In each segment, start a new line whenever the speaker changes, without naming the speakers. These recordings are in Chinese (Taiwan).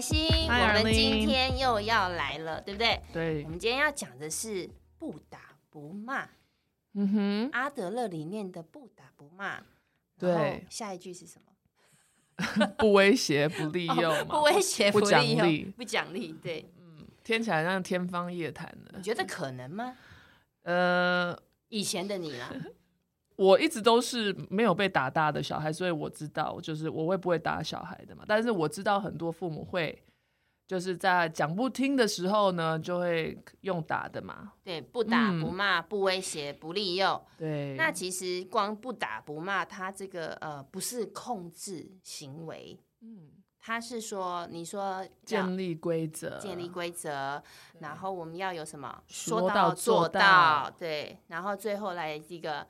Hi, Arlene, 我們今天又要來了，對不對？對。我們今天要講的是不打不罵，嗯、mm、哼 -hmm，阿德勒裡面的不打不罵。
對。
下一句是什麼？
不威脅，oh, 不，威不利用。不威脅， 不利用、不獎勵。對。嗯，聽起來像天方夜譚了。你覺得可能嗎？ 呃，以前的你啦、啊。 我一直都是沒有被打大的小孩，所以我知道，就是我會不會打小孩的嘛。但是我知道很多父母會，就是在講不聽的時候呢，就會用打的嘛。
對，不打不罵、嗯、不威脅不利誘。
對。那其
實光不打不罵，他這個呃不是控制行為。嗯。他是說，
你說建立規則，建立
規則，然後我們要有什麼說到做到。對。然後最後來一個。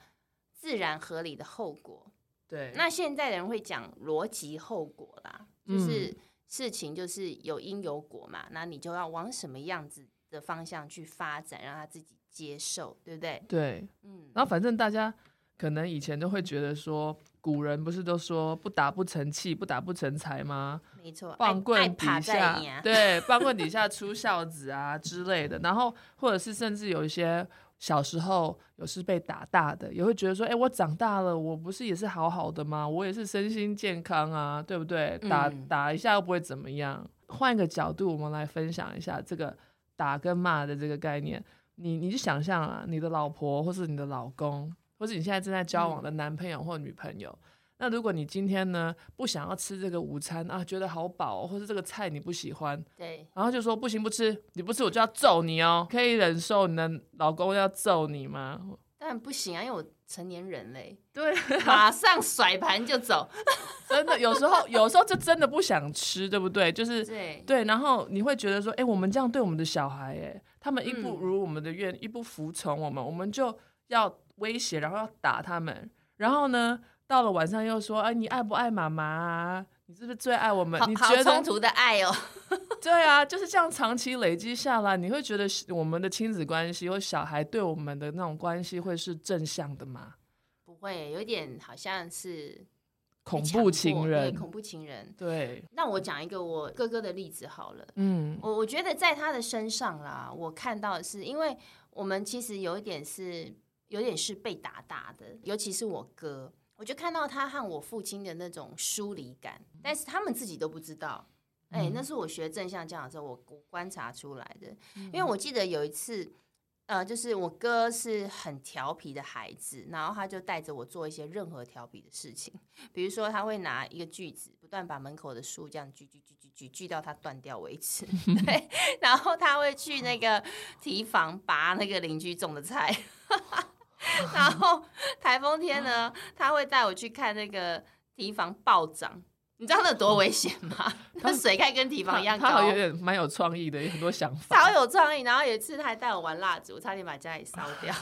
自然合理的後果，對。那現在的人會講邏輯後果啦、嗯，就是事情就是有因有果嘛，那你就要往什麼樣子的方向去發展，讓他自己接受，對不對？對，
嗯。然後反正大家可能以前都會覺得說，古人不是都說不打不成器，不打不成才嗎？沒錯，棒棍底下爬，對，棒棍底下出孝子啊 之類的。然後或者是甚至有一些。小時候有時被打大的，也會覺得說，哎、欸，我長大了，我不是也是好好的嗎？我也是身心健康啊，對不對？打、嗯、打一下又不會怎麼樣。換一個角度，我們來分享一下這個打跟罵的這個概念。你你就想象啊，你的老婆，或是你的老公，或是你現在正在交往的男朋友或女朋友。嗯那如果你今天呢不想要吃這個午餐啊，覺得好飽、哦，或是這個菜你不喜歡，對，然後就說不行不吃，你不吃我就要揍你哦。可以忍受你的老公要揍你嗎？當
然不行啊，因為我成年人嘞，對、
啊，馬上甩盤就走。 真的有時候，有時候就真的不想吃，對不對？就是對，對，然後你會覺得說，哎、欸，我們這樣對我們的小孩，哎，他們一不如我們的願，嗯、一不服從我們，我們就要威脅，然後要打他們，然後呢，到了晚上又說：“哎，你愛不愛媽媽啊？你是不是最愛我們？”你覺得好衝突的
愛哦。
對啊，就是這樣長期累積下來，你會覺得我們的親子關係或小孩對我們的那種關係會是正向的嗎？
不會，有點好像是
恐怖情人。對、欸欸，恐
怖情人。對。那我講一個我哥哥的例子好了。嗯，我我覺得在他的身上啦，我看到的是因為我們其實有一點是有點是被打大的，尤其是我哥。我就看到他和我父親的那種疏離感，但是他們自己都不知道。哎、嗯欸，那是我學正向教養的時候我，我觀察出來的、嗯。因為我記得有一次，呃，就是我哥是很調皮的孩子，然後他就帶着我做一些任何調皮的事情，比如說他會拿一個鋸子，不斷把門口的樹這樣鋸鋸鋸鋸鋸鋸到它斷掉為止。對，然後他會去那個堤防拔那個鄰居種的菜。 然後台風天呢，他會帶我去看那個堤防暴漲，你知道那有多危險嗎？ 那水開跟堤防一樣高。他有點
蠻有創意的，有很多想
法。好有創意，然後有一次他還帶我玩蠟燭，我差點把家裡燒掉。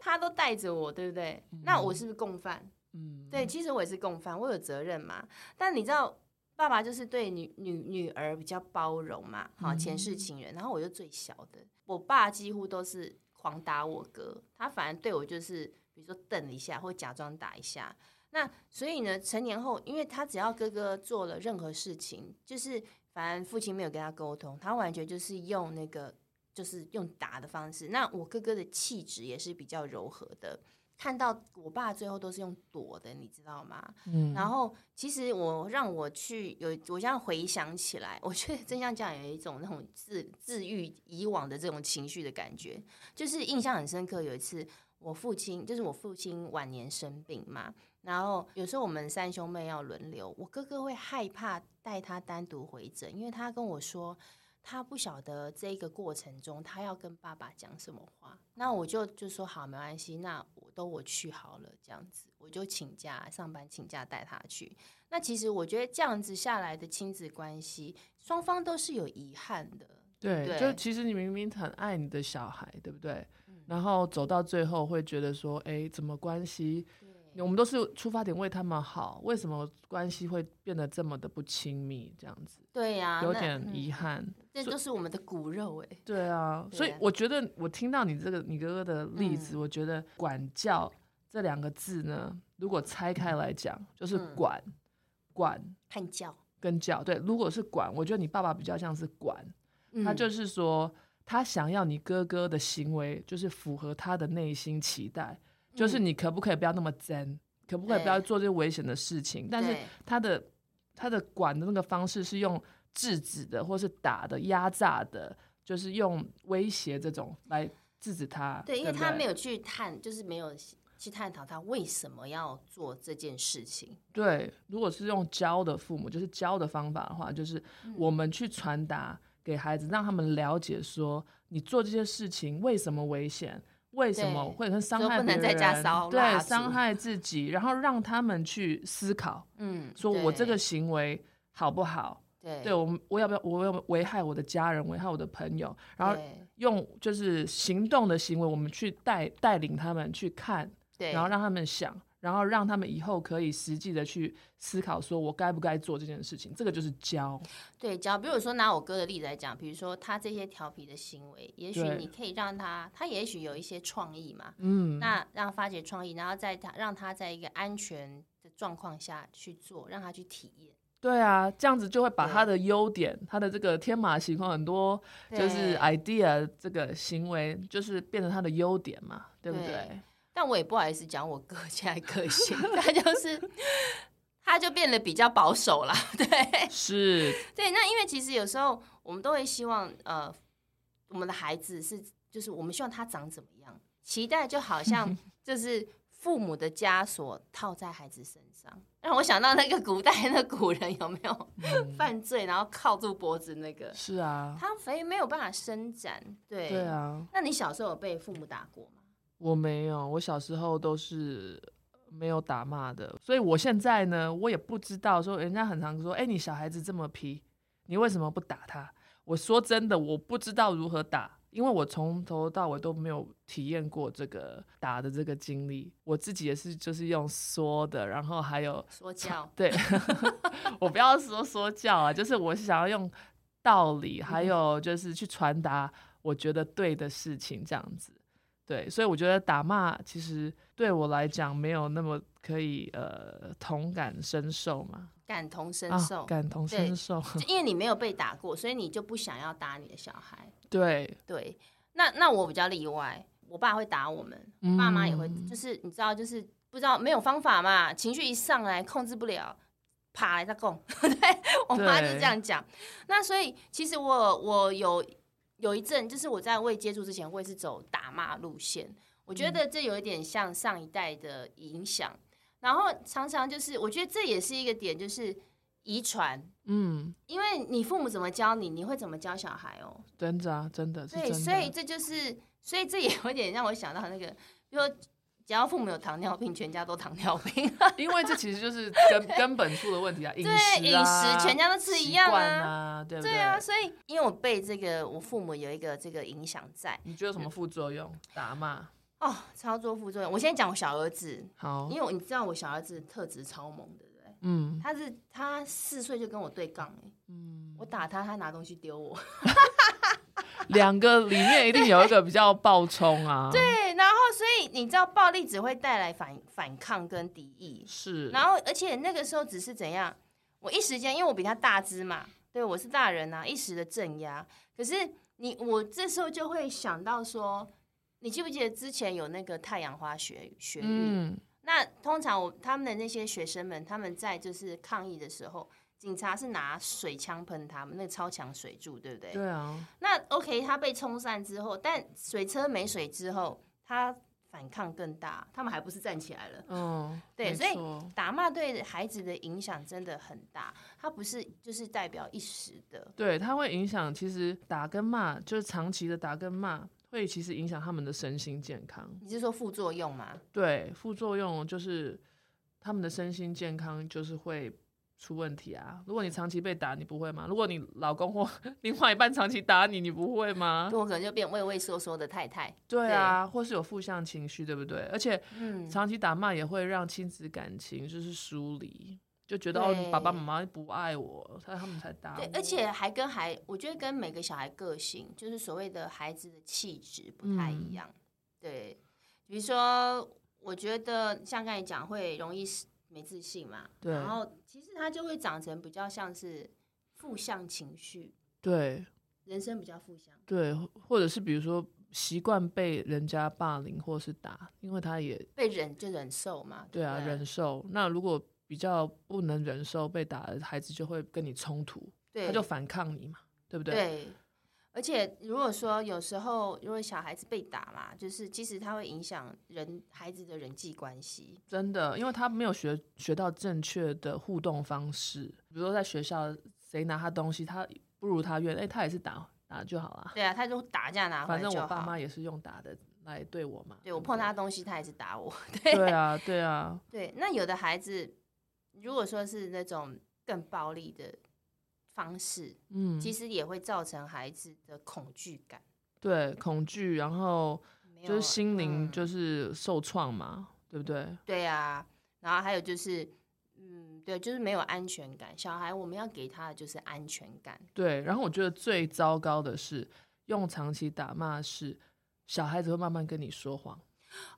他 都帶着我，對不對、嗯？那我是不是共犯？嗯，對，其實我也是共犯，我有責任嘛。但你知道，爸爸就是對女女女兒比較包容嘛，哈，前世情人，嗯、然後我又最小的，我爸幾乎都是。狂打我哥，他反而對我就是，比如說瞪一下，或假裝打一下。那所以呢，成年後，因為他只要哥哥做了任何事情，就是反正父親沒有跟他溝通，他完全就是用那個，就是用打的方式。那我哥哥的氣質也是比較柔和的。看到我爸最後都是用躲的，你知道嗎？嗯，然後其實我讓我去有，我現在回想起來，我覺得真像這樣有一種那種自自愈以往的這種情緒的感覺，就是印象很深刻。有一次，我父親就是我父親晚年生病嘛，然後有時候我們三兄妹要輪流，我哥哥會害怕帶他單獨回診，因為他跟我說。他不曉得這個過程中，他要跟爸爸講什麼話。那我就就說好，沒關係，那我都我去好了，這樣子，我就請假上班請假帶他去。那其實我覺得這樣子下來的親子關係，雙方都是有遺憾的。對，對，就
其實你明明很愛你的小孩，對不對？嗯，然後走到最後會覺得說，哎，怎麼關係？我們都是出發點為他們好，為什麼關係會變得這麼的不親密這樣子？對呀、啊，有點遺憾。那嗯、
這就是我們的骨肉哎、欸
啊。對啊，所以我覺得我聽到你這個你哥哥的例子，嗯、我覺得“管教”這兩個字呢，如果拆開來講，就是管、嗯“管”“管”“教”跟“教”。對，如果是“管”，我覺得你爸爸比較像是管“管、嗯”，他就是說他想要你哥哥的行為就是符合他的內心期待。就是你可不可以不要那麼真，嗯，可不可以不要做這些危險的事情，欸？但是他的他的管的那個方式是用制止的，或是打的、壓榨的，就是用威脅這種來制止他。對，對對，因為他沒有去
探，就是沒有去探討他為什麼要做這件事情。
對，如果是用教的父母，就是教的方法的話，就是我們去傳達給孩子，嗯，讓他們了解說，你做這些事情為什麼危險。為什麼會傷害別人？對，傷害自己，然後讓他們去思考。嗯，說我這個行為好不好？對，我們，我要不要？我要不要危害我的家人，危害我的朋友？然後用就是行動的行為，我們去帶帶領他們去看，對，然後讓他們想。然後讓他們以後可以實際的去思考，說我該不該做這件事情，這個就是教。
對，教。比如說拿我哥的例子來講，比如說他這些調皮的行為，也許你可以讓他，他也許有一些創意嘛，嗯，那讓發掘創意，然後在他讓他在一個安全的狀況下去做，讓他去體驗。
對啊，這樣子就會把他的優點，他的這個天馬行空，很多就是 idea 這個行為，就是變成他的優點嘛，對不對？對
但我也不好意思講，我哥現在個性，他就是， 他就變得比較保守了，對，
是，
對。那因為其實有時候我們都會希望，呃，我們的孩子是，就是我們希望他長怎麼樣，期待就好像就是父母的枷鎖套在孩子身上， 讓我想到那個古代的那古人有沒有，、嗯、犯罪，然後銬住脖子那個，是啊，他肥沒有辦法伸展，對，對啊。那你小時候有被父母打過嗎？
我沒有，我小時候都是沒有打罵的，所以我現在呢，我也不知道說，人家很常說，哎、欸，你小孩子這麼皮，你為什麼不打他？我說真的，我不知道如何打，因為我從頭到尾都沒有體驗過這個打的這個經歷。我自己也是，就是用說的，然後還有說教。對， 我不要說說教啊，就是我想要用道理，還有就是去傳達我覺得對的事情，這樣子。對，所以我覺得打罵其實對我來講沒有那麼可以呃同感身受嘛，
感同身受，啊、感同身受，就因為你沒有被打過，所以你就不想要打你的小孩。對對，那那我比較例外，我爸會打我們，我爸媽也會，嗯、就是你知道，就是不知道沒有方法嘛，情緒一上來控制不了，啪一下供，對
我媽就這樣
講。那所以其實我我有。有一陣，就是我在未接觸之前，我也是走打罵路線。我覺得這有一點像上一代的影響、嗯，然後常常就是，我覺得這也是一個點，就是遺傳。
嗯，
因為你父母怎麼教你，你會怎麼教小孩哦。
真的啊，真的是。對是，所
以這就是，所以這也有點讓我想到那個，比如說。只要父母有糖尿病，全家都糖尿
病。 因為這其實就是根 根本素的問題啊，飲食、啊、全家都吃一樣啊，啊，對不對？對啊，所
以因為我被這個我父母有一個這個影響在。你覺得什麼副
作用、嗯？打罵？
哦，超多副作用。我先講我小兒子，好，因為你知道我小兒子特質超猛的，對不
對？嗯，
他是他四歲就跟我對槓、欸、嗯，我打他，他拿東西丟我。
兩 個裡面一定有一個比較暴衝啊對！
對，然後所以你知道暴力只會帶來反反抗跟敵意是，然後而且那個時候只是怎樣，我一時間因為我比他大只嘛，對我是大人啊，一時的鎮壓。可是你我這時候就會想到說，你記不記得之前有那個太陽花學學運？嗯，那通常我他們的那些學生們他們在就是抗議的時候。警察是拿水槍噴他們，那個超強水柱，對不對？對啊。那 OK，他被衝散之後，但水車沒水之後，他反抗更大，他們還不是站起來了。
嗯，對，所以
打罵對孩子的影響真的很大，他不是就是代表一時的。
對，它會影響，其實打跟罵就是長期的打跟罵，會其實影響他們的身心健康。你
是說副作用嗎？
對，副作用就是他們的身心健康就是會。出問題啊！如果你長期被打，你不會嗎？如果你老公或另外一半長期打你，你不會嗎？我可能就變畏畏縮縮的太太。對啊，對或是有負向情緒，對不對？而且，嗯，長期打罵也會讓親子感情就是疏離，就覺得哦，你爸爸媽媽不愛我，才他們才打。對，而且
還跟孩，我覺得跟每個小孩個性，就是所謂的孩子的氣質不太一樣、嗯。對，比如說，我覺得像剛才講，會容易沒自信嘛，對，然後其實他就會長成比較像是負向情緒，對，人生比較負向，
對，或者是比如說習慣被人家霸凌或是打，因為他也
被忍就忍受嘛，對，對啊，
忍受。那如果比較不能忍受被打的孩子，就會跟你衝突，他就反抗你嘛，對不對？對。
而且，如果說有時候，如果小孩子被打嘛，就是其實他會影響人孩子的人際關係。
真的，因為他沒有學學到正確的互動方式，比如說在學校，誰拿他東西，他不如他願，哎，他也是打打就好了。
對啊，他就打架拿回來就好。反正我爸媽也
是用打的來對我嘛。
對，對我碰他東西，他也是打我
對。對啊，對啊。
對，那有的孩子，如果說是那種更暴力的方式，嗯，其實也會造成孩子的恐懼感。
嗯，對，恐懼，然後就是心靈就是受創嘛，嗯，對不對？
對啊，然後還有就是，嗯，對，就是沒有安全感。小孩我們要給他的就是安全感，
對。然後我覺得最糟糕的是用長期打罵式，小孩子會慢慢跟你說謊，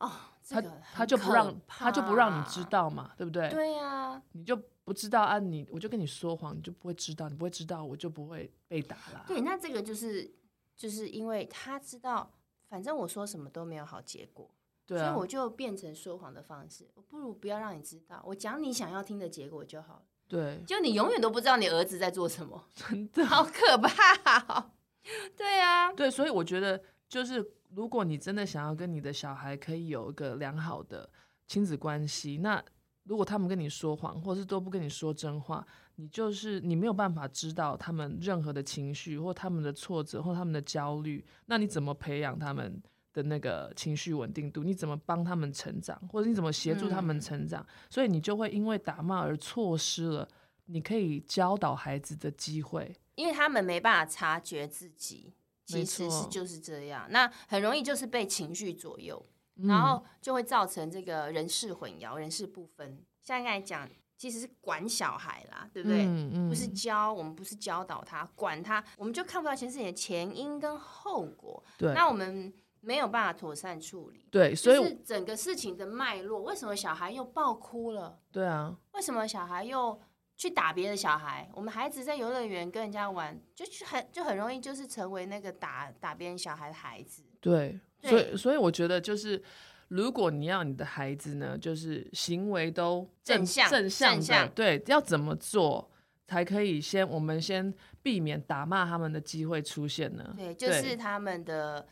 哦。他他就不讓，他、這個、就
不讓你知道嘛，對不對？對呀、啊，你就不知道啊！你，我就跟你說謊，你就不會知道，你不會知道，我就不會被打啦。對，
那這個就是，就是因為他知道，反正我說什麼都沒有好結果，對啊、所以我就變成說謊的方式。我不如不要讓你知道，我講你想要聽的結果就好。
對，就你永遠都
不知道你兒子在做什麼，
真的好可怕、哦。 對呀、啊，對，所以我覺得。就是如果你真的想要跟你的小孩可以有一個良好的親子關係，那如果他們跟你說謊，或是都不跟你說真話，你就是你沒有辦法知道他們任何的情緒，或他們的挫折，或他們的焦慮。那你怎麼培養他們的那個情緒穩定度？你怎麼幫他們成長，或者你怎麼協助他們成長，嗯。所以你就會因為打罵而錯失了你可以教導孩子的機會，
因為他們沒辦法察覺自己。其實是就是這樣，那很容易就是被情緒左右、嗯，然後就會造成這個人事混淆、人事不分。像現在講其實是管小孩啦，對不對？嗯嗯、不是教我們，不是教導他，管他，我們就看不到前事情的前因跟後果。對，那我們沒有辦法妥善處理。對，所以、就是、整個事情的脈絡，為什麼小孩又爆哭
了？對啊，
為什麼小孩又？去打別的小孩，我們孩子在遊樂園跟人家玩，就就很就很容易就是成為那個打打別人小孩的孩子。
對，對，所以所以我覺得就是，如果你要你的孩子呢，就是行為都正，正向、正向正向，對，要怎麼做才可以先我們先避免打罵他們的機會出現呢？對，就是
他們的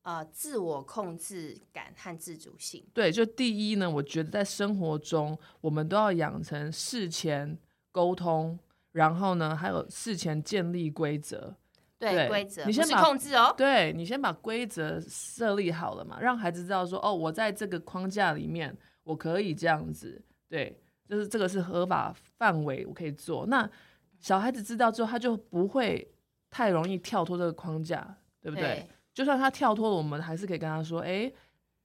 呃自我控制感和自主性。
對，就第一呢，我覺得在生活中我們都要養成事前。溝通，然後呢，還有事前建立規則，
對，對規則，你先把控制
哦。對，你先把規則設立好了嘛，讓孩子知道說，哦，我在這個框架裡面，我可以這樣子，對，就是這個是合法範圍，我可以做。那小孩子知道之後，他就不會太容易跳脫這個框架，對不對？對，就算他跳脫了，我們還是可以跟他說，哎，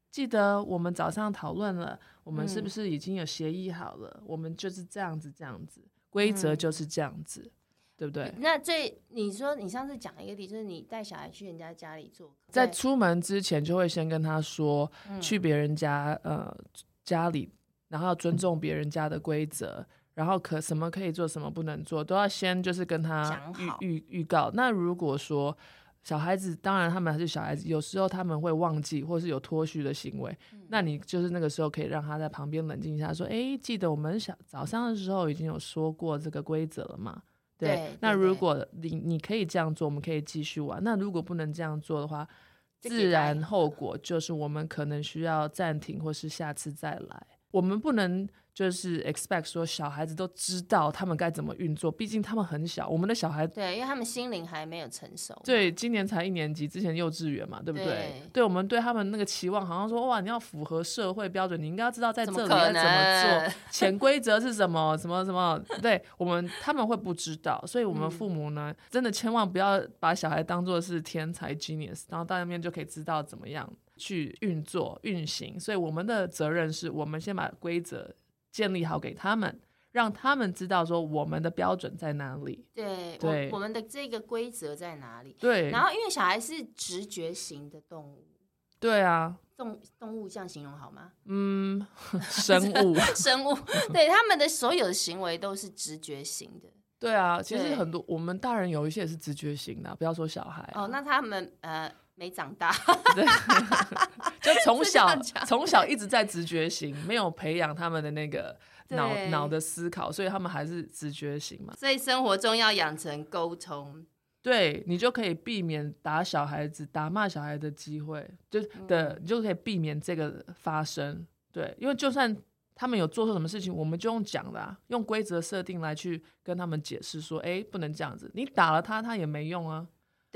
記得我們早上討論了，我們是不是已經有協議好了？嗯。我們就是這樣子，這樣子。規則就是這樣子、嗯，對不對？
那最你說，你上次講一個題，就是你帶小孩去人家家裡做客，在
出門之前就會先跟他說，去別人家、嗯、呃家裡，然後要尊重別人家的規則，嗯、然後可什麼可以做，什麼不能做，都要先就是跟他預講好預預告。那如果說。小孩子當然他們還是小孩子，有時候他們會忘記，或是有脫序的行為。嗯。那你就是那個時候可以讓他在旁邊冷靜一下，說：“哎，記得我們小早上的時候已經有說過這個規則了嘛？”對。對，那如果你你可以這樣做，對對，我們可以繼續玩。那如果不能這樣做的話，自然後果就是我們可能需要暫停，或是下次再來。我們不能。就是 expect 說小孩子都知道他們該怎麼運作，畢竟他們很小，我們的小孩
對，因為他們心靈還沒有成熟，
對，今年才一年級，之前幼稚園嘛，對不對？對，對，我們對他們那個期望，好像說哇，你要符合社會標準，你應該要知道在這裡要怎麼做，潛規則是什麼， 什麼什麼，對我們他們會不知道，所以我們父母呢，嗯、真的千萬不要把小孩當做是天才 genius，然後到那邊就可以知道怎麼樣去運作運行。所以我們的責任是我們先把規則。建立好給他們，讓他們知道說我們的標準在哪裡。對，對我，我們
的這個規則在哪裡？對。然後，因為小孩是直覺型的動物。
對啊。動
動物這樣形容好嗎？嗯，
生物，
生物，對他們的所有行為都是直覺型的。
對啊，其實很多我們大人有一些也是直覺型的，不要說小孩啊。哦，
那他們呃。沒長大， 對，
就從從小從 小一直在直覺型，沒有培養他們的那個腦腦的思考，所以他們還是直覺型嘛。
所以生活中要養成溝通，
對你就可以避免打小孩子、打罵小孩的機會，就、嗯、的你就可以避免這個發生。對，因為就算他們有做錯什麼事情，我們就用講的、啊，用規則設定來去跟他們解釋說：“誒、欸，不能這樣子，你打了他，他也沒用啊。”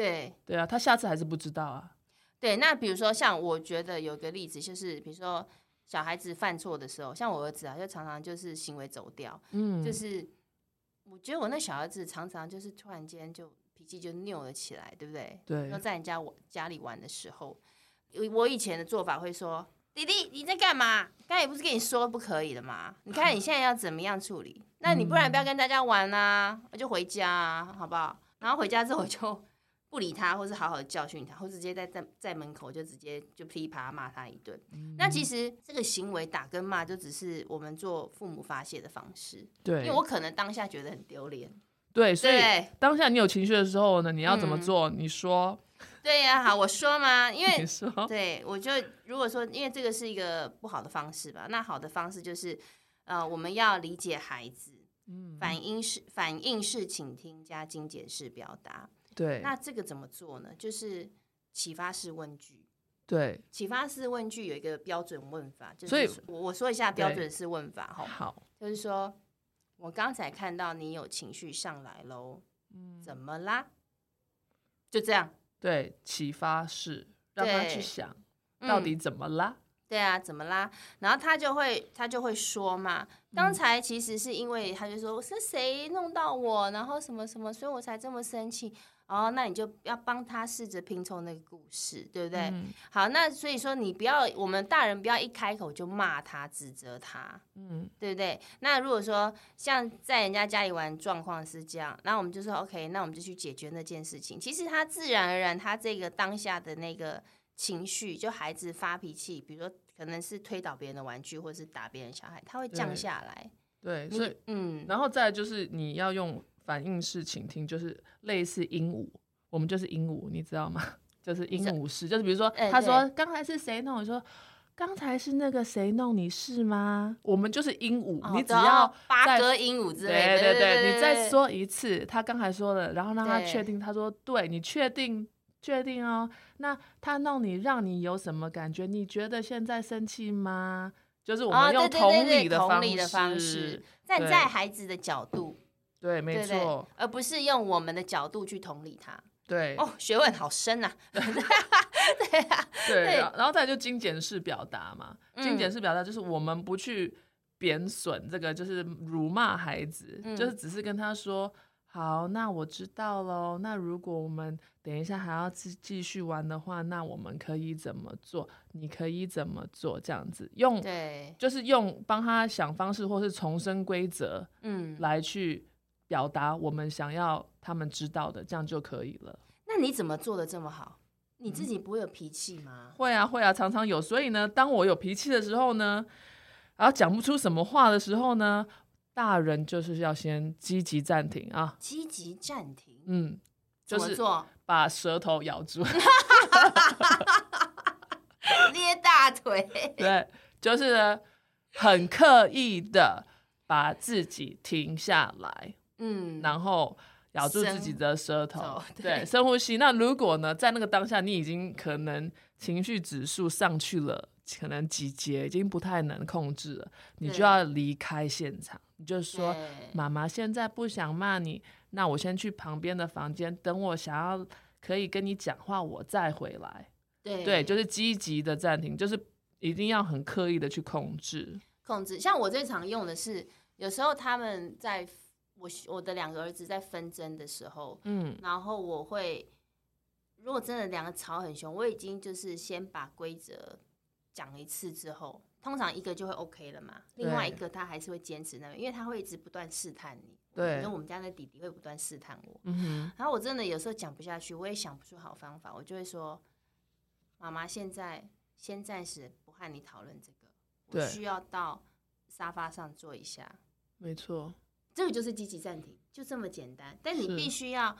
對對啊，他下次還是不知道啊。
對，那比如說像我覺得有個例子，就是比如說小孩子犯錯的時候，像我兒子啊，就常常就是行為走掉。嗯，就是我覺得我那小兒子常常就是突然間就脾氣就拗了起來，對不對？對。說在人家玩家裡玩的時候，我以前的做法會說：“弟弟，你在幹嘛？剛才不是跟你說不可以的嗎？你看你現在要怎麼樣處理？嗯、那你不然不要跟大家玩啊，我就回家啊，好不好？然後回家之後就。”不理他，或是好好的教訓他，或是直接在在在門口就直接就噼啪罵他一頓，嗯。那其實這個行為打跟罵，就只是我們做父母發洩的方式。對，因為我可能當下覺得很丟臉。
對，所以當下你有情緒的時候呢，你要怎麼做？嗯，你說。
對呀，啊，好，我說嘛。因為你說對，我就如果說，因為這個是一個不好的方式吧。那好的方式就是，呃，我們要理解孩子。嗯。反應是反應是傾聽加精簡式表達。對，那這個怎麼做呢？就是啟發式問句。對，啟發式問句有一個標準問法，所以我、就是、我說一下標準式問法哈。好，就是說，我剛才看到你有情緒上來嘍，嗯，怎
麼啦？就這樣。對，啟發式讓他去想、嗯，到底怎麼啦、嗯？
對啊，怎麼啦？然後他就會他就會說嘛，剛才其實是因為他就說我、嗯、是誰弄到我，然後什麼什麼，所以我才這麼生氣。哦、oh，那你就要幫他試着拼湊那個故事，對不對，嗯？好，那所以說你不要，我們大人不要一開口就罵他、指責他、嗯，對不對？那如果說像在人家家裡玩，狀況是這樣，那我們就說 OK，那我們就去解決那件事情。其實他自然而然，他這個當下的那個情緒，就孩子發脾氣，比如說可能是推倒別人的玩具，或者是打別人小孩，他會降下來。
對，對，所以嗯，然後再來就是你要用。反應式傾聽就是類似鸚鵡，我們就是鸚鵡，你知道嗎？就是鸚鵡式，就是比如說，欸、他說剛才是誰弄？我說剛才是那個誰弄你是嗎？我們就是鸚鵡、哦，你只要八哥鸚鵡之類的。對對，對對對，你再說一次他剛才說的，然後讓他確定。他說對，你確定確定哦。那他弄你讓你有什麼感覺？你覺得現在生氣嗎、哦？就是我們用同理的對對對對對同理的方式，站在孩
子的角度。
對，沒錯對對，
而不是用我們的角度去同理他。
對哦，學問好深吶、啊 啊！對、啊、對，對，然後他就精簡式表達嘛、嗯，精簡式表達就是我們不去貶損這個，就是辱罵孩子，嗯、就是只是跟他說：“好，那我知道嘍。那如果我們等一下還要繼繼續玩的話，那我們可以怎麼做？你可以怎麼做？這樣子用，對，就是用幫他想方式，或是重申規則，
嗯，來
去。”表達我們想要他們知道的，這樣就可以了。
那你怎麼做的這麼好，嗯？你自己不會有脾氣嗎？
會啊，會啊，常常有。所以呢，當我有脾氣的時候呢，然後講不出什麼話的時候呢，大人就是要先積極暫停啊。積極暫停。嗯，怎麼做？就是把舌頭咬住，
捏大腿。
對，就是很刻意的把自己停下來。嗯，然後咬住自己的舌頭，生，對，對，深呼吸。那如果呢，在那個當下，你已經可能情緒指數上去了，可能幾節已經不太能控制了，你就要離開現場。你就說：“媽媽，現在不想罵你，那我先去旁邊的房間，等我想要可以跟你講話，我再回來。”對，對，就是積極的暫停，就是一定要很刻意的去控制。
控制。像我最常用的是，有時候他們在。我我的兩個兒子在紛爭的時候，嗯，然後我會如果真的兩個吵很兇，我已經就是先把規則講一次之後，通常一個就會 OK 了嘛。另外一個他還是會堅持那個，因為他會一直不斷試探你。對，因為我們家的弟弟會不斷試探我。嗯，然後我真的有時候講不下去，我也想不出好方法，我就會說，媽媽現在先暫時不和你討論這個，我需要到沙發上坐一下。
沒錯。
這個就是積極暫停，就這麼簡單。但你必須要，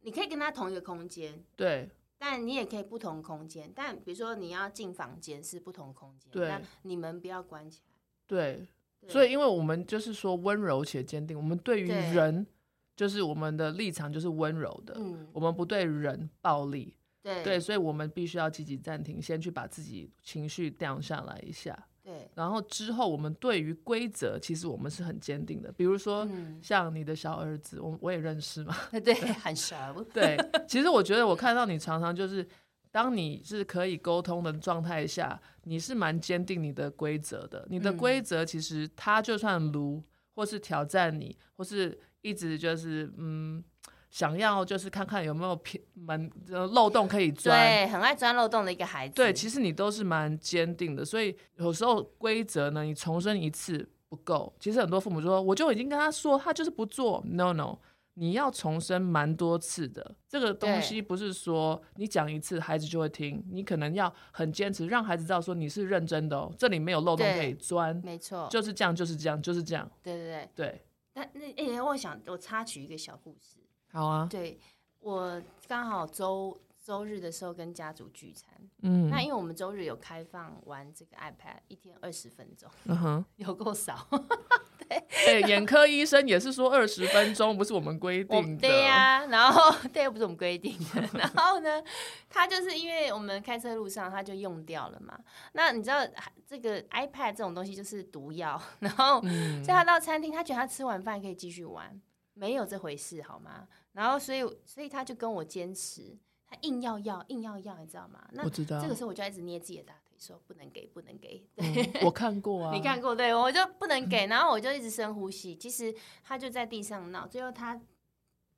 你可以跟他同一個空間，對。但你也可以不同空間。但比如說你要進房間是不同空間，那你們不要關起來。
對。對，所以，因為我們就是說溫柔且堅定。我們對於人對，就是我們的立場就是溫柔的。嗯。我們不對人暴力。對。對，所以我們必須要積極暫停，先去把自己情緒降下來一下。對，然後之後我們對於規則，其實我們是很堅定的。比如說，像你的小兒子，嗯、我我也認識嘛，對，
很熟。對，
其實我覺得我看到你常常就是，當你是可以溝通的狀態下，你是蠻堅定你的規則的。你的規則其實他就算盧、嗯、或是挑戰你，或是一直就是嗯。想要就是看看有沒有偏門呃漏洞，可以鑽，對，很
愛鑽漏洞的一個孩
子。對，其實你都是蠻堅定的，所以有時候規則呢，你重申一次不夠。其實很多父母說，我就已經跟他說，他就是不做。No no，你要重申蠻多次的。這個東西不是說你講一次孩子就會聽，你可能要很堅持，讓孩子知道說你是認真的哦，這裡沒有漏洞可以鑽。沒錯，就是這樣，就是這樣，就是這樣。對對
對對。那那誒，我想我插曲一個小故事。好啊，對我剛好周周日的時候跟家族聚餐，嗯，那因為我們周日有開放玩這個 iPad 一天二十分鐘，嗯
哼，
有夠少，
對、欸，眼科醫生也是說二十分鐘，不是我們規定的，對呀、啊，然後對，又不是我們規定
的， 然後呢，他就是因為我們開車路上他就用掉了嘛，那你知道這個 iPad 這種東西就是毒藥，然後在、嗯、他到餐廳，他覺得他吃完飯可以繼續玩。沒有這回事，好嗎？然後，所以，所以他就跟我堅持，他硬要要，硬要要，你知道嗎？那知道。這個時候我就一直捏自己的大腿說，說不能給，不能給。對嗯、我
看過啊， 你看
過？對，我就不能給、嗯，然後我就一直深呼吸。其實他就在地上鬧，最後他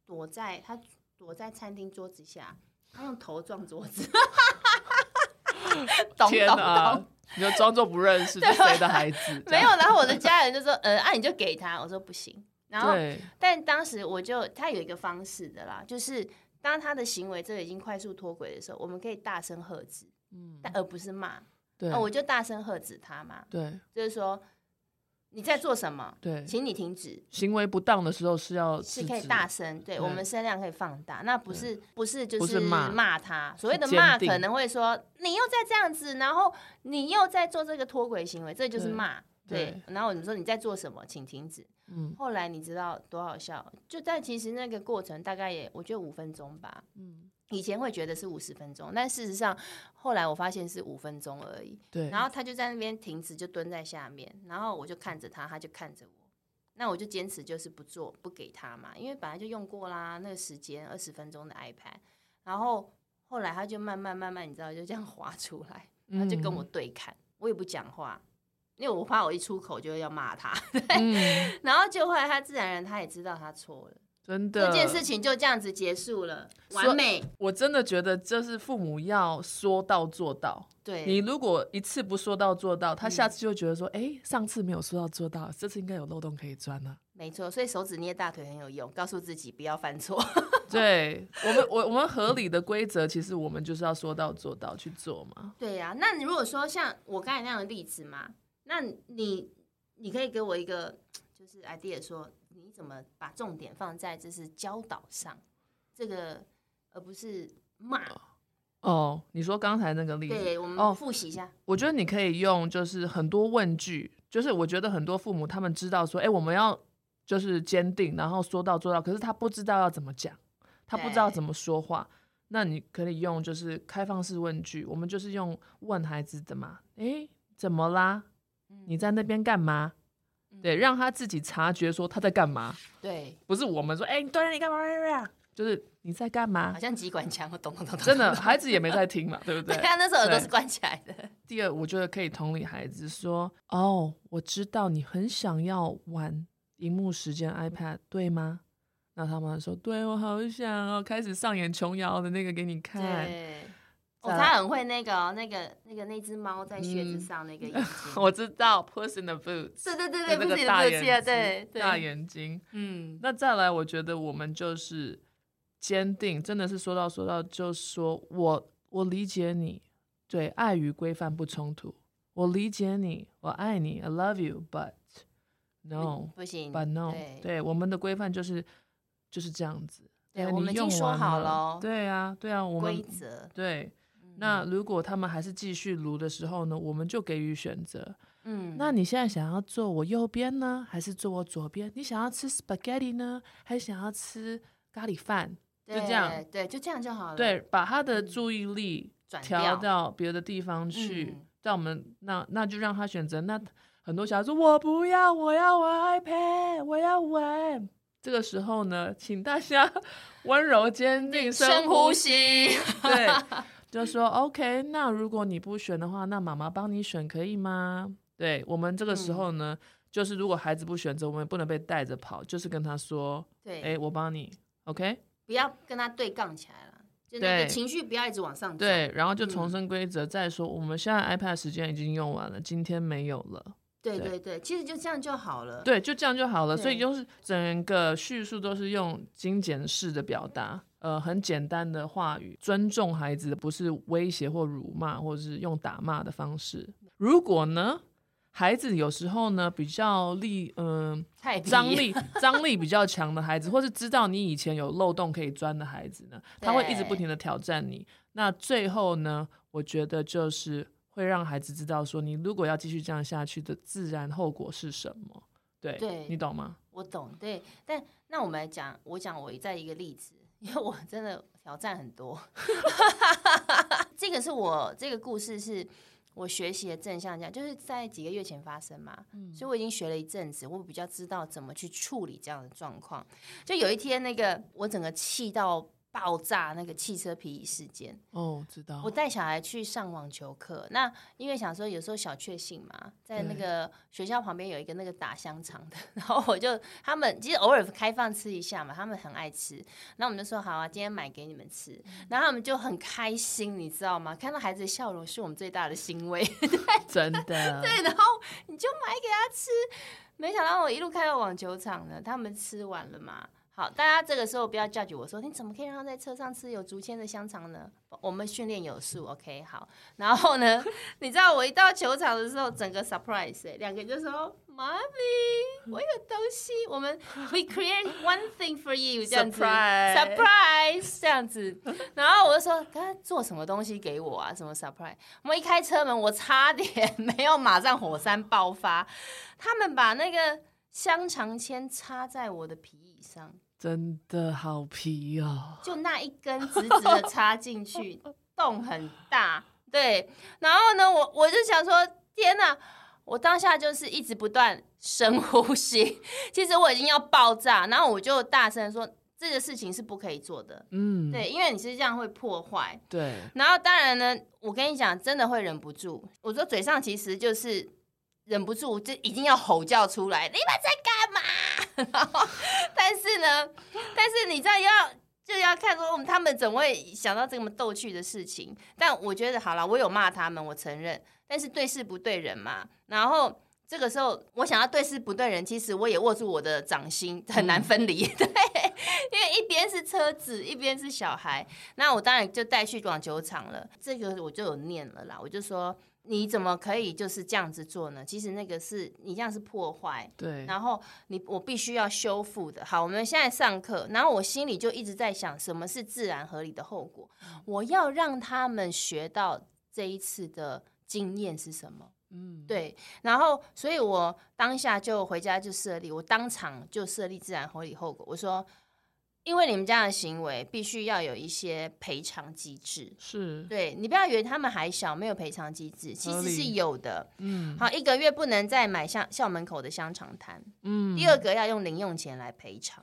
躲在他躲在餐廳桌子下，他用頭撞桌子。哈哈哈！天啊，
你就裝作不認識這誰的孩子。沒有，然後我的
家人就說：“ 呃，啊，你就給他。”我說：“不行。”然後，但當時我就他有一個方式的啦，就是當他的行為這已經快速脫軌的時候，我們可以大聲喝止，嗯，但而不是罵，對，我就大聲喝止他嘛，對，就是說你在做什麼？對，請你停止
行為不當的時候是要是可以大聲，對，對我們
聲量可以放大，那不是不是就是罵，是罵
他，所謂的罵可能
會說你又在這樣子，然後你又在做這個脫軌行為，這就是罵。對，然後你說你在做什麼？請停止。嗯，後來你知道多好笑，就但其實那個過程大概也我覺得五分鐘吧。嗯，以前會覺得是五十分鐘，但事實上後來我發現是五分鐘而已。對，然後他就在那邊停止，就蹲在下面，然後我就看着他，他就看着我，那我就堅持就是不做不給他嘛，因為本來就用過啦那個時間二十分鐘的 iPad。然後後來他就慢慢慢慢，你知道就這樣滑出來，他就跟我對看。嗯，我也不講話。因為我怕我一出口就會要罵他，對嗯、 然後就後來他自然而然他也知道他錯了，
真的這件事
情就這樣子結束了，so, 完美。
我真的覺得這是父母要說到做到。對，你如果一次不說到做到，他下次就會覺得說，哎、嗯欸，上次沒有說到做到，這次應該有漏洞可以鑽了、
啊。沒錯，所以手指捏大腿很有用，告訴自己不要犯錯。
對我們，我我們合理的規則、嗯，其實我們就是要說到做到去做嘛。
對呀、啊，那你如果說像我剛才那樣的例子嘛。那你，你可以給我一個就是 idea，說你怎麼把重點放在就是教導上，這個而不是罵
哦。你說剛才那個例子，對，我們
複習一下。
哦，我覺得你可以用就是很多問句，就是我覺得很多父母他們知道說，哎，我們要就是堅定，然後說到做到，可是他不知道要怎麼講，他不知道怎麼說話。那你可以用就是開放式問句，我們就是用問孩子的嘛，哎，怎麼啦？你在那邊幹嘛、嗯？對，讓他自己察覺說他在幹嘛。對，不是我們說，哎、欸，鍛煉你幹嘛？就是你在幹嘛？好像機關槍，我懂了懂懂真的懂了懂了懂了，孩子也沒在聽嘛，對不對？他那時候耳朵是關起來的。第二，我覺得可以同理孩子說，嗯、哦，我知道你很想要玩熒幕時間 iPad，對嗎？嗯、那他們說，對，我好想，哦，開始上演瓊瑤的那個給你看。對。
我才很會那個、哦、那個
那個那隻貓在靴子上那個眼睛，嗯、 我知道 Puss in the boots，是對，對對對，不行，對對對，大眼睛，嗯，那再來，我覺得我們就是堅定，真的是說到說到，就是說我我理解你，對，愛與規範不衝突，我理解你，我愛你，I love you，but no、嗯、不行，but no，對，對，我們的規範就是就是這樣子，對，我們已經說好了、哦，對啊，對啊，規則，對。那如果他們還是繼續擼的時候呢，我們就給予選擇。嗯，那你現在想要坐我右邊呢，還是坐我左邊？你想要吃 spaghetti 呢，還是想要吃咖喱飯？就這樣，
對，就這樣就好了。對，
把他的注意力
轉、嗯、調到
別的地方去，在、嗯、我們那那就讓他選擇。那很多小孩說：“我不要，我要玩 iPad，我要玩。”這個時候呢，請大家溫柔堅定深，深呼吸。對。 就說 OK，那如果你不選的話，那媽媽幫你選可以嗎？對，我們這個時候呢、嗯，就是如果孩子不選擇，我們也不能被帶着跑，就是跟他說，對，哎、欸，我幫你，OK，不要
跟他對槓起來了，就你的情緒不要一直往上，對，對，然後就重申
規則，嗯、再說我們現在 iPad 時間已經用完了，今天沒有了。對對
對，其實就這樣就好
了。對，就這樣就好了。所以就是整個敘述都是用精簡式的表達。呃，很簡單的話語，尊重孩子，不是威脅或辱罵，或者是用打罵的方式。如果呢，孩子有時候呢比較力，嗯、呃，張力 張力比較強的孩子，或是知道你以前有漏洞可以鑽的孩子呢，他會一直不停地挑戰你。那最後呢，我覺得就是會讓孩子知道說，你如果要繼續這樣下去的自然後果是什麼？對，對你懂嗎？
我懂，對。但那我們來講，我講我再一個例子。因為我真的挑戰很
多 ，
這個是我這個故事是我學習的正向，這樣就是在幾個月前發生嘛，嗯、所以我已經學了一陣子，我比較知道怎麼去處理這樣的狀況。就有一天那個我整個氣到爆炸，那個汽車皮椅事件哦
，oh, 知道。我帶
小孩去上網球課，那因為想說有時候小確幸嘛，在那個學校旁邊有一個那個打香腸的，然後我就他們其實偶爾開放吃一下嘛，他們很愛吃。那我們就說好啊，今天買給你們吃，然後他們就很開心，你知道嗎？看到孩子的笑容是我們最大的欣慰，
真的。 對，
然後你就買給他吃，沒想到我一路開到網球場了，他們吃完了嘛。好，大家這個時候不要 judge 我說你怎麼可以讓他在車上吃有竹籤的香腸呢？我們訓練有素，OK，好。然後呢， 你知道我一到球場的時候，整個 surprise，兩、欸、個人就說 Mummy，我有東西。 我們 we create one thing for you，surprise，surprise 這樣子。然後我就說，他做什麼東西給我啊？什麼 surprise？我們一開車門，我差點沒有馬上火山爆發。他們把那個香腸籤插在我的皮椅上。
真的好皮哦！
就那一根直直的插進去， 洞很大，對。然後呢，我我就想說，天哪！我當下就是一直不斷深呼吸，其實我已經要爆炸。然後我就大聲說，這個事情是不可以做的，嗯，對，因為你是這樣會破壞。對。然後當然呢，我跟你講，真的會忍不住。我說嘴上其實就是忍不住，就一定要吼叫出來，你們在幹嘛？ 然後但是呢，但是你知道要就要看說他們怎麼會想到這麼逗趣的事情。但我覺得好啦，我有罵他們，我承認。但是對事不對人嘛。然後這個時候我想要對事不對人，其實我也握住我的掌心很難分離。對，因為一邊是車子，一邊是小孩。那我當然就帶去廣球場了。這個我就有念了啦，我就說。你怎麼可以就是這樣子做呢？其實那個是你這樣是破壞，對，然後你我必須要修復的。好，我們現在上課，然後我心裡就一直在想，什麼是自然合理的後果？嗯，我要讓他們學到這一次的經驗是什麼？嗯，對，然後所以我當下就回家就設立，我當場就設立自然合理後果。我說。因為你們這樣的行為，必須要有一些賠償機制。是，對，你不要以為他們還小，沒有賠償機制，其實是有的。嗯，好，一個月不能再買像校門口的香腸攤。嗯，第二個要用零用錢來賠償。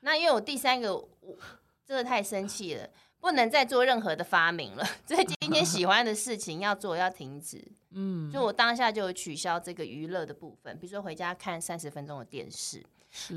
那因為我第三個，我真的太生氣了。 不能再做任何的發明了。所以今天喜歡的事情要做，要停止。嗯， 就我當下就取消這個娛樂的部分，比如說回家看三十分鐘的電視。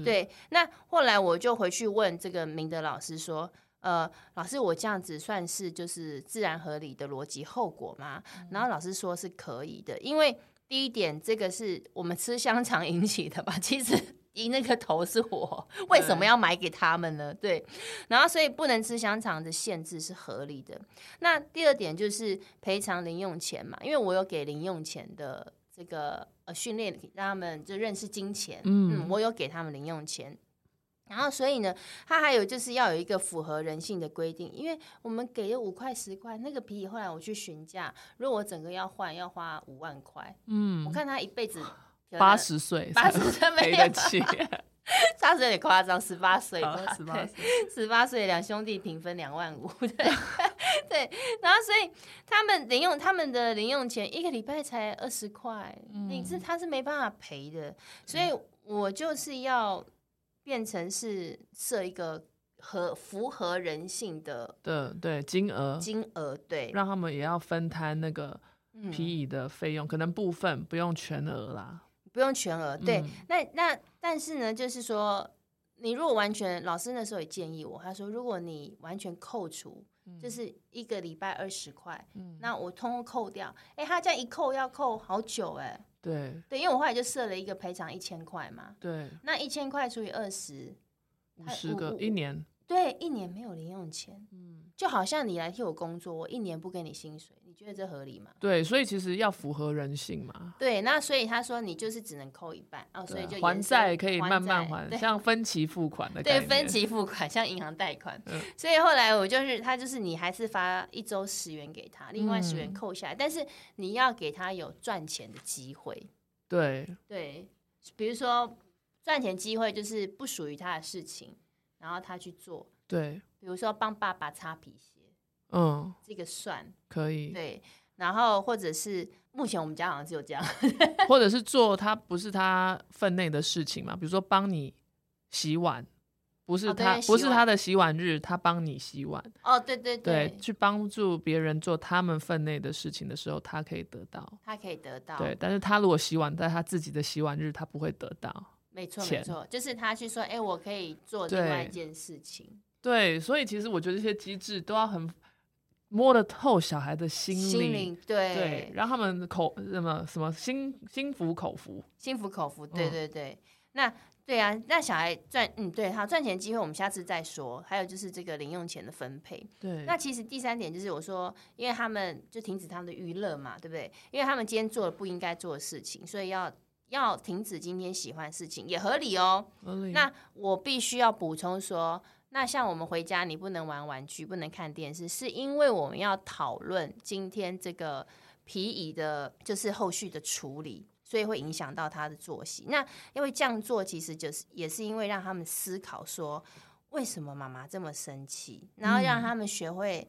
對，那後來我就回去問這個明德老師說：“呃，老師，我這樣子算是就是自然合理的邏輯後果嗎？”然後老師說是可以的，因為第一點，這個是我們吃香腸引起的吧，其實。咦，那個頭是我，為什麼要買給他們呢？對，對，然後所以不能吃香腸的限制是合理的。那第二點就是賠償零用錢嘛，因為我有給零用錢的這個呃訓練，讓他們就認識金錢嗯。嗯，我有給他們零用錢。然後所以呢，他還有就是要有一個符合人性的規定，因為我們給了五塊十塊那個皮，後來我去詢價，如果我整個要換，要花五萬塊。嗯，我看他一輩子。八十歲，八十歲賠得起，差歲也誇張，十八歲，十八歲，十八歲，兩兄弟平分兩萬五，對，對，然後所以他們零用他們的零用錢一個禮拜才二十塊，嗯，你是，他他是沒辦法賠的，所以我就是要變成是設一個合符合人性的
對，對金額，金額對，讓他們也要分攤那個皮椅的費用，嗯，可能部分不用全額啦。不用全額對，嗯、
那那但是呢，就是說，你如果完全，老師那時候也建議我，他說，如果你完全扣除，嗯、就是一個禮拜二十塊，嗯，那我通通扣掉，哎、欸，他這樣一扣要扣好久哎，欸，對對，因為我後來就設了一個賠償一千塊嘛，對，那一千塊除以二十，
五十個一年，
對，一年沒有零用錢，嗯，就好像你來替我工作，我一年不給你薪水。覺得這合理嗎？
對，所以其實要符合人性嘛。
對，那所以他說你就是只能扣一半哦，所以就還債可以慢慢還，像
分期付款的。對，分期付
款像銀行貸款。嗯。所以後來我就是他就是你還是發一周十元給他，另外十元扣下來，嗯，但是你要給他有賺錢的機會。對對，比如說賺錢機會就是不屬於他的事情，然後他去做。對，比如說幫爸爸擦皮鞋。嗯，這個算可以對，然後或者是目前我們家好像只有這樣，
或者是做他不是他分內的事情嘛，比如說幫你洗碗，不是他、哦、不是他的洗碗日，他幫你洗碗。
哦，對對對，對，
去幫助別人做他們分內的事情的時候，他可以得到，他可以得到，對。但是他如果洗碗在他自己的洗碗日，他不會得到，沒錯沒錯，
就是他去說，哎，我可以做另外一件事情
對，對。所以其實我覺得這些機制都要很。摸得透小孩的心靈，對，對，讓他們口什麼什麼心心服口服，
心服口服，對對對。嗯。那對啊，那小孩賺嗯，對，好，賺錢的機會我們下次再說。還有就是這個零用錢的分配，對。那其實第三點就是我說，因為他們就停止他們的娛樂嘛，對不對？因為他們今天做了不應該做的事情，所以要要停止今天喜歡的事情也合理哦。合理。那我必須要補充說。那像我們回家，你不能玩玩具，不能看電視，是因為我們要討論今天這個皮椅的，就是後續的處理，所以會影響到他的作息。那因為這樣做，其實就是也是因為讓他們思考說，為什麼媽媽這麼生氣，然後讓他們學會。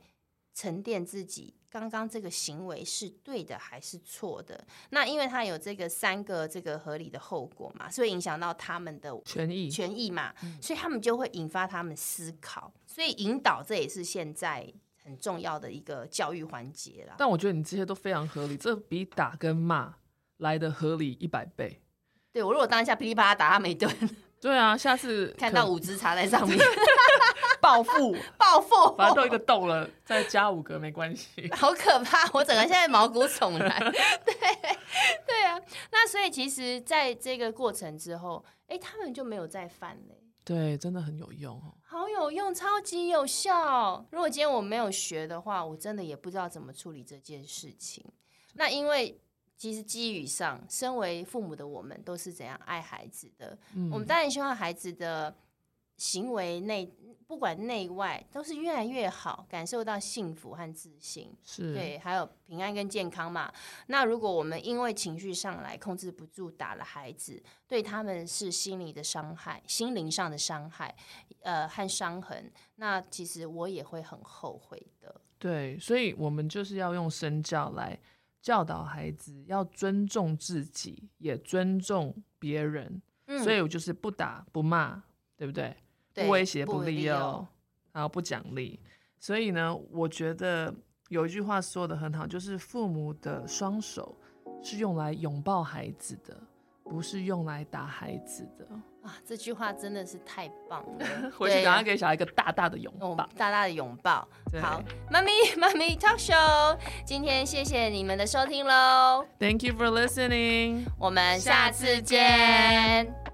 沉澱自己，剛剛這個行為是對的還是錯的？那因為他有這個三個這個合理的後果嘛，所以影響到他們的權益權益嘛，所以他們就會引發他們思考、嗯。所以引導這也是現在很重要的一個教育環節啦。
但我覺得你這些都非常合理，這比打跟罵來得合理一百倍。
對我如果當一下噼里啪啦打他
一頓，對啊，下次看到五隻插在上面。 暴富，暴富、哦，反正都一個洞了，再加五格沒關係。好可怕，我整個現在毛骨悚然。 對，
對啊。那所以其實，在這個過程之後，哎，他們就沒有再犯嘞。
對，真的很有用哦。
好有用，超級有效。如果今天我沒有學的話，我真的也不知道怎麼處理這件事情。那因為其實基於上，身為父母的我們都是怎樣愛孩子的、嗯？我們當然希望孩子的。行為內不管內外都是越來越好，感受到幸福和自信是，對，還有平安跟健康嘛。那如果我們因為情緒上來控制不住打了孩子，對他們是心理的傷害，心靈上的傷害，呃，和傷痕。那其實我也會很後悔的。
對，所以我們就是要用身教來教導孩子，要尊重自己，也尊重別人，嗯。所以我就是不打不罵，對不對？
不威脅，不利。哦，
然後不獎勵，所以呢，我覺得有一句話說的很好，就是父母的雙手是用來擁抱孩子的，不是用來打孩子的。
啊，這句話真的是太棒了， 回去趕快給
小孩一個大大的擁抱，大大
的擁抱。好，媽咪媽咪 talk show，今天謝謝你們的收聽
嘍，Thank you for listening，我們下次見。